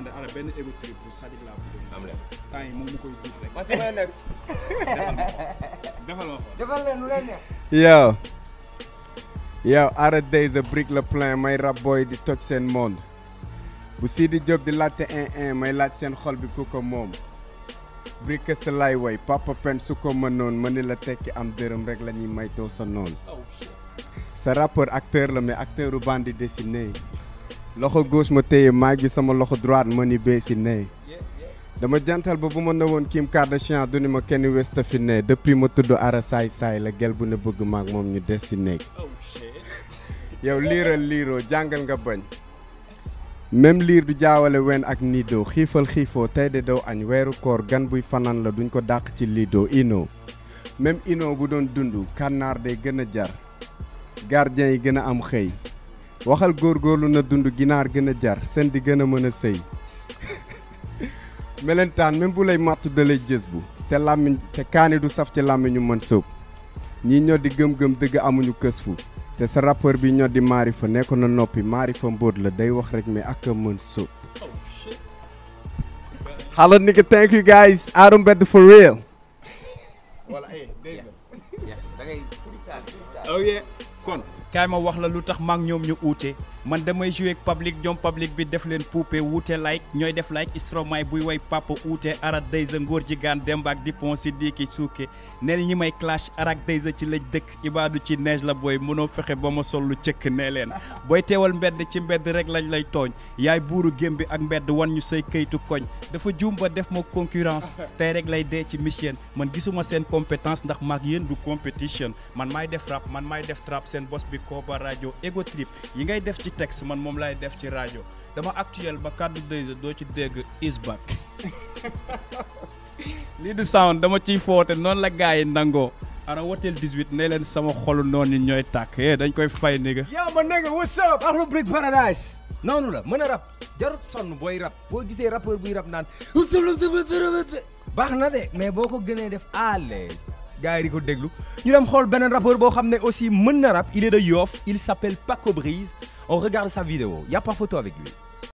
man de benn ego trip bu Sadik mu koy gudd rek. Massi may nekk. defal ma Days a brick le plein may rab booy di toj seen monde bu Sidi Diop di laajte un may laaj seen xol bi ku ko moom. brique sa lay woy papa pen su ko mënoon ma ni la tekki am dërëm rek la ñuy maytoo sa noonu. Oh, sa rappeur acteur la mais acteur u bande dessinée. loxo gauche ma téye maag bi sama loxo droite ma ni bee si ne dama jantal ba bu ma ne woon Kim Kardashian du ni ma kenn westa fi ma tudd ara saay saay la gel bu ne bëgg maag moom ñu des si néeg oh, yow liiral liiroo jàngal nga bañ même liir du jaawale wen ak niidoo xiifal xiifoo tey de doo añ weeru koor gan buy fanaan la duñ ko dàq ci liidoo inoo même ino bu doon dund kànnaar day gën a jar gardien yi gën a am xëy waxal góor góorlu na dund ginaar gën a jar seen di gën a mën a sëy melentaan même bu lay màttu dalay jës bu te làmmiñ te kaani du saf ci làmmiñu mën soob ñii ñoo di gëm-gëm dëgg amuñu kës fu te sa rappeur bi ñoo di maari fa nekkoon na noppi maari fa mbóot la day wax rek mais ak a mën soob xala ni ko thank you guys Arru Mbed for real kon kaay ma wax la lu tax maak ñoom ñu uute man damay joué ak public ñoom bi def leen puupe wuute like ñooy def like Stromae buy woy papa uute arak daysa ngóor ji gaan demba ak dipon si diiki suuke neel ñi may clash arak daysa ci lëj dëkk ibaadu ci neige la booy mënoo fexe ba ma sol lu cëkk nee leen booy teewal mbedd ci mbedd rek lañ lay tooñ yaay buuru gém bi ak mbedd wan ñu say këyitu koñ dafa juum ba def ma concurrence tey rek lay dee ci mission man gisuma seen compétence ndax mag yéen du compétition man maay def rap man maay def trap seen bos bi kooba rajo ego teg sa man moom laay def ci rajo dama actuel ba kàddu dëgg doo ci dégg is back lii di sound dama ciy foote noonu la gars yi nangoo ana wotel 18 ne leen sama xolu noonu ñooy tàkk eh, dañ koy fay ni nga. ma ne nga what's up Akhlou Brick Paradise noonu la mën a rab jarut sonn booy rab boo gisee rappeur buy rap naan. baax na de mais boo ko gënee def à l'aise gars yi di ko déglu ñu dem xool beneen rappeur boo xam ne aussi mën na rap il est de Yoff il s'appelle Paco Brise on regarde sa vidéo y a pas photo avec lui